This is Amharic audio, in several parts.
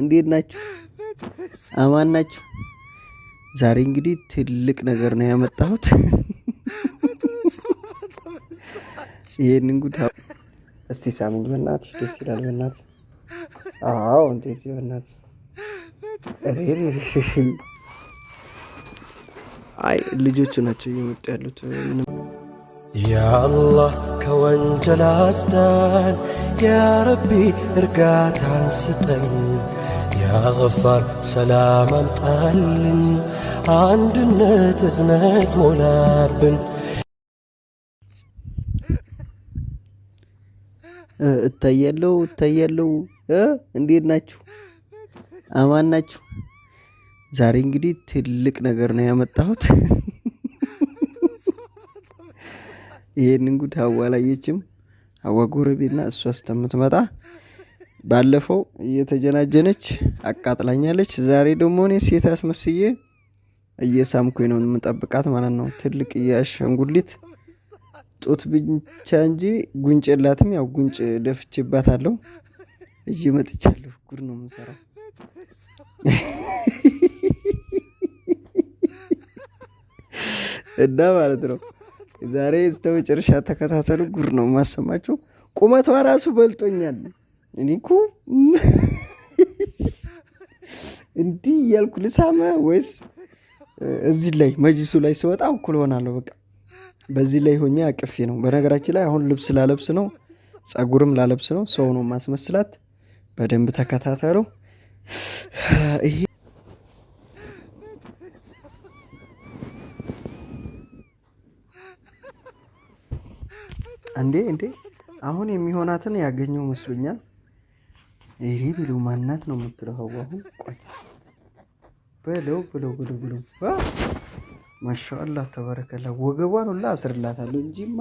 እንዴት ናችሁ? አማን ናችሁ? ዛሬ እንግዲህ ትልቅ ነገር ነው ያመጣሁት። ይህንን ጉድ እስቲ ሳምኝ በናት ደስ ይላል። በናት አዎ፣ እንደዚህ በናት አይ ልጆቹ ናቸው እየመጡ ያሉት። ያአላህ ከወንጀል አስዳን፣ ያረቢ እርጋታን ስጠኝ። ያገፋር ሰላም አምጣልን፣ አንድነት እዝነት ሞላብን። እታያለው እታያለው። እንዴት ናችሁ? አማን ናችሁ? ዛሬ እንግዲህ ትልቅ ነገር ነው ያመጣሁት። ይህንን ጉድ አዋላየችም ላየችም ሀዋ ጎረቤና እሷ እስከምትመጣ ባለፈው እየተጀናጀነች አቃጥላኛለች። ዛሬ ደግሞ እኔ ሴት አስመስዬ እየሳምኩኝ ነው የምጠብቃት ማለት ነው። ትልቅ እያሸንጉሊት ጡት ብቻ እንጂ ጉንጭ የላትም። ያው ጉንጭ ደፍቼባታለሁ። እዚህ መጥቻለሁ። ጉድ ነው የምሰራው። እና ማለት ነው ዛሬ እስከ መጨረሻ ተከታተሉ። ጉድ ነው የማሰማችሁ። ቁመቷ ራሱ በልጦኛል። እኔ እኮ እንዲህ እያልኩ ልሳመ ወይስ እዚህ ላይ መጅሱ ላይ ስወጣ እኩል ሆናለሁ። በቃ በዚህ ላይ ሆኜ አቅፌ ነው። በነገራችን ላይ አሁን ልብስ ላለብስ ነው፣ ጸጉርም ላለብስ ነው። ሰው ነው ማስመስላት። በደንብ ተከታተሉ። ይሄ እንዴ እንዴ አሁን የሚሆናትን ያገኘው መስሎኛል። ይሄ ብሎ ማናት ነው የምትለው? ሀዋ አሁን ቆይ በለው በለው በለው በለው ማሻአላ ተበረከላ። ወገቧን ሁላ አስርላታለሁ እንጂማ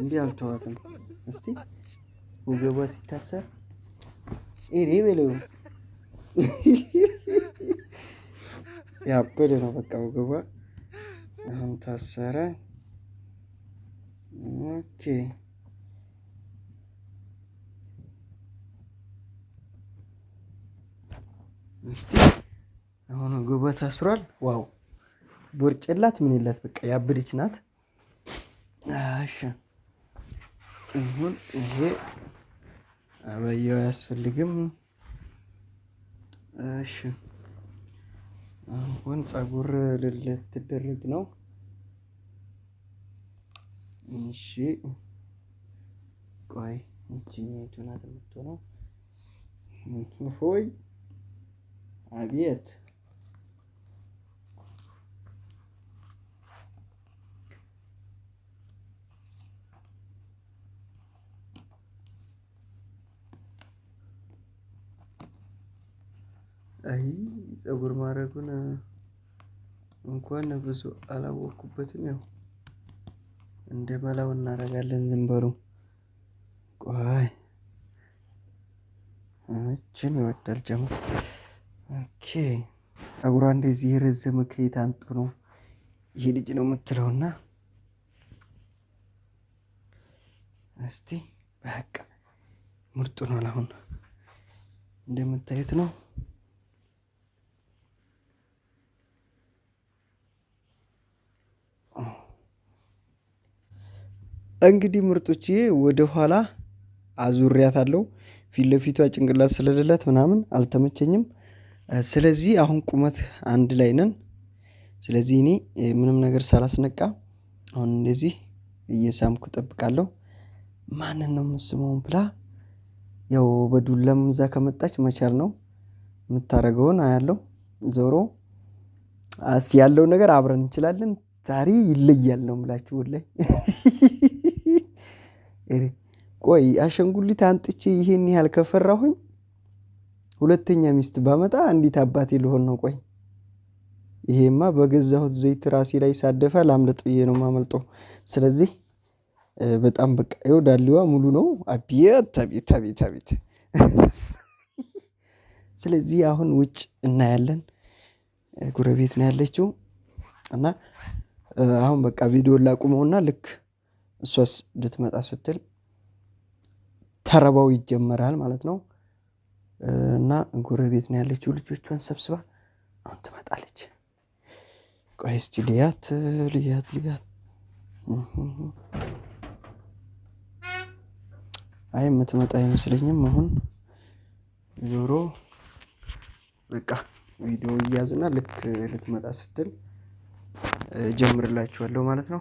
እንዲህ አልተዋትም። እስቲ ወገቧ ሲታሰር ይሄ በለው ያበደ ነው በቃ ወገቧ አሁን ታሰረ። ኦኬ ሚስቴ አሁን ጉበት አስሯል። ዋው ቦርጭ ምን ይላት? በቃ ያበደች ናት። እሺ አሁን ይሄ አበያው አያስፈልግም። እሺ አሁን ፀጉር ልትደረግ ነው። እሺ ቆይ ይቺኛይቱ ናት የምትሆነው ሆይ አቤት አይ ፀጉር ማድረጉን እንኳን ብዙ አላወቅኩበትም። ያው እንደ መላው እናደርጋለን። ዝም በሉ ቆይ፣ እችን ይወዳል ጀማ ኦኬ ፀጉሯ እንደዚህ የረዘመ ከየት አንጡ ነው ይሄ ልጅ ነው የምትለውና እስቲ በቃ ምርጡ ነው። አሁን እንደምታዩት ነው። እንግዲህ ምርጦችዬ ወደ አዙሪያት አለው ፊት ለፊቷ ጭንቅላት ስለሌላት ምናምን አልተመቸኝም። ስለዚህ አሁን ቁመት አንድ ላይ ነን። ስለዚህ እኔ ምንም ነገር ሳላስነቃ አሁን እንደዚህ እየሳምኩ ጠብቃለሁ ማንን ነው የምስመውን ብላ ያው በዱለም እዛ ከመጣች መቻል ነው የምታደርገውን አያለው ዞሮ እስቲ ያለው ነገር አብረን እንችላለን። ዛሪ ይለያል ነው ምላችሁ ላይ ቆይ አሸንጉሊት አንጥቼ ይሄን ያህል ከፈራሁኝ ሁለተኛ ሚስት ባመጣ እንዴት አባቴ ልሆን ነው? ቆይ ይሄማ በገዛሁት ዘይት ራሴ ላይ ሳደፈ ላምለጥ ብዬ ነው የማመልጠው። ስለዚህ በጣም በቃ ይኸው ዳሊዋ ሙሉ ነው። አቤት አቤት አቤት አቤት። ስለዚህ አሁን ውጭ እናያለን። ጎረቤት ነው ያለችው እና አሁን በቃ ቪዲዮ ላቁመውና ልክ እሷስ ልትመጣ ስትል ተረባው ይጀመራል ማለት ነው። እና ጎረቤት ነው ያለችው ልጆቿን ሰብስባ አሁን ትመጣለች። ቆይ እስቲ ልያት ልያት ልያት። አይ የምትመጣ አይመስለኝም። አሁን ዞሮ በቃ ቪዲዮ እያዝና ልክ ልትመጣ ስትል ጀምርላችኋለሁ ማለት ነው።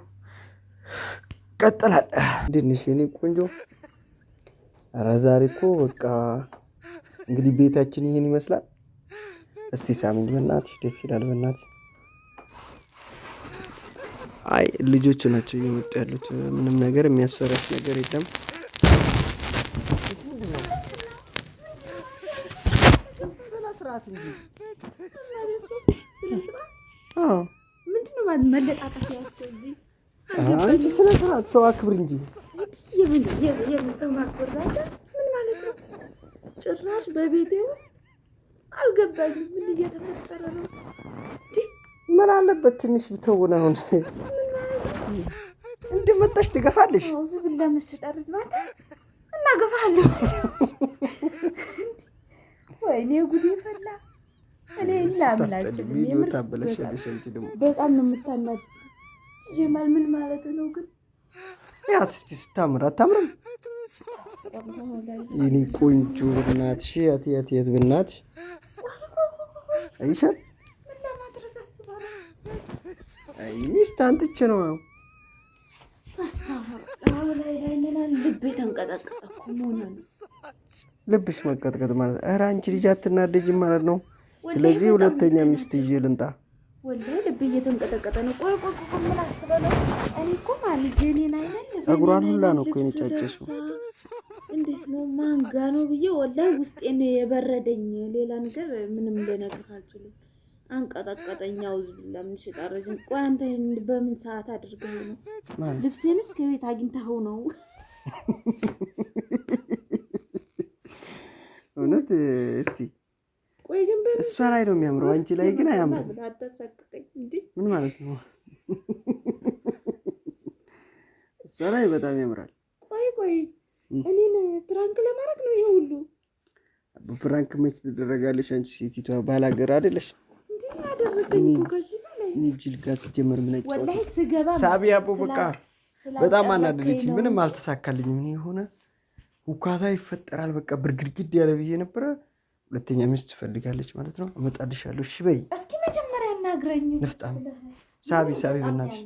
ቀጥላል። እንዴት ነሽ የኔ ቆንጆ? ኧረ ዛሬ እኮ በቃ እንግዲህ ቤታችን ይህን ይመስላል። እስቲ ሳሚኝ በእናትሽ ደስ ይላል። በእናትሽ አይ ልጆቹ ናቸው እየመጡ ያሉት። ምንም ነገር የሚያስፈራሽ ነገር የለም። ምንድነው አንቺ ስነ ስርዓት ሰው አክብር እንጂ የምን ሰው ዛለ ጭራሽ በቤቴ ውስጥ አልገባኝም። ምን እየተፈጠረ ነው? ምን አለበት ትንሽ ብተውን። አሁን እንድመጣሽ ትገፋለሽ። ዝም ለምን ስጠርዝ ማታ እናገፋለሁ። ወይኔ ጉዴ ፈላ። እኔ እናምላችሁ በጣም ነው የምታናድ ጀማል። ምን ማለት ነው ግን? ያት እስኪ ስታምር አታምርም? ይኔ ቆንጆ ብናትሽ የት የት የት ብናትሽ አይሻል ሚስት አንጥቼ ነው ልብሽ መቀጥቀጥ ማለት ኧረ አንቺ ልጅ አትናደጅ ማለት ነው። ስለዚህ ሁለተኛ ሚስት ይዤ ልምጣ። ወላሂ ልብ እየተንቀጠቀጠ ነው። ቆይ ቆይ ቆይ ምን አስበህ ነው? እኔ እኮ ማለት ጀኔና አይደል? ሁላ ነው እኮ የነጫጨሽው እንዴት ነው ማንጋ ነው ብዬ ወላሂ ውስጤን የበረደኝ ሌላ ነገር ምንም ልነግርህ አልችልም። አንቀጠቀጠኝ። አውዝ ብላ ምን ቆይ አንተ በምን ሰዓት አድርገው ነው ልብሴንስ ከቤት አግኝተኸው ነው? እውነት እስቲ ቆይ ግን እሷ ላይ ነው የሚያምረው፣ አንቺ ላይ ግን አያምርም። ምን ማለት ነው? እሷ ላይ በጣም ያምራል። ቆይ ቆይ እኔን ፕራንክ ለማድረግ ነው ይሄ ሁሉ ፕራንክ መች ትደረጋለሽ? አንቺ ሴቲቷ ባላገር አይደለሽ? እንዴ? ያደረገኝ እኮ ከዚህ እኔ ጅል ጋር ሲጀመር ምን ሳቢ አቦ በቃ በጣም አናደደችኝ። ምንም አልተሳካልኝም። እኔ የሆነ ውካታ ይፈጠራል። በቃ ብርግድግድ ያለ ብዬ ነበረ። ሁለተኛ ሚስት ትፈልጋለች ማለት ነው። እመጣልሻለሁ። እሺ በይ እስኪ መጀመሪያ እናግረኝ። ንፍጣም ሳቢ ሳቢ፣ በእናትሽ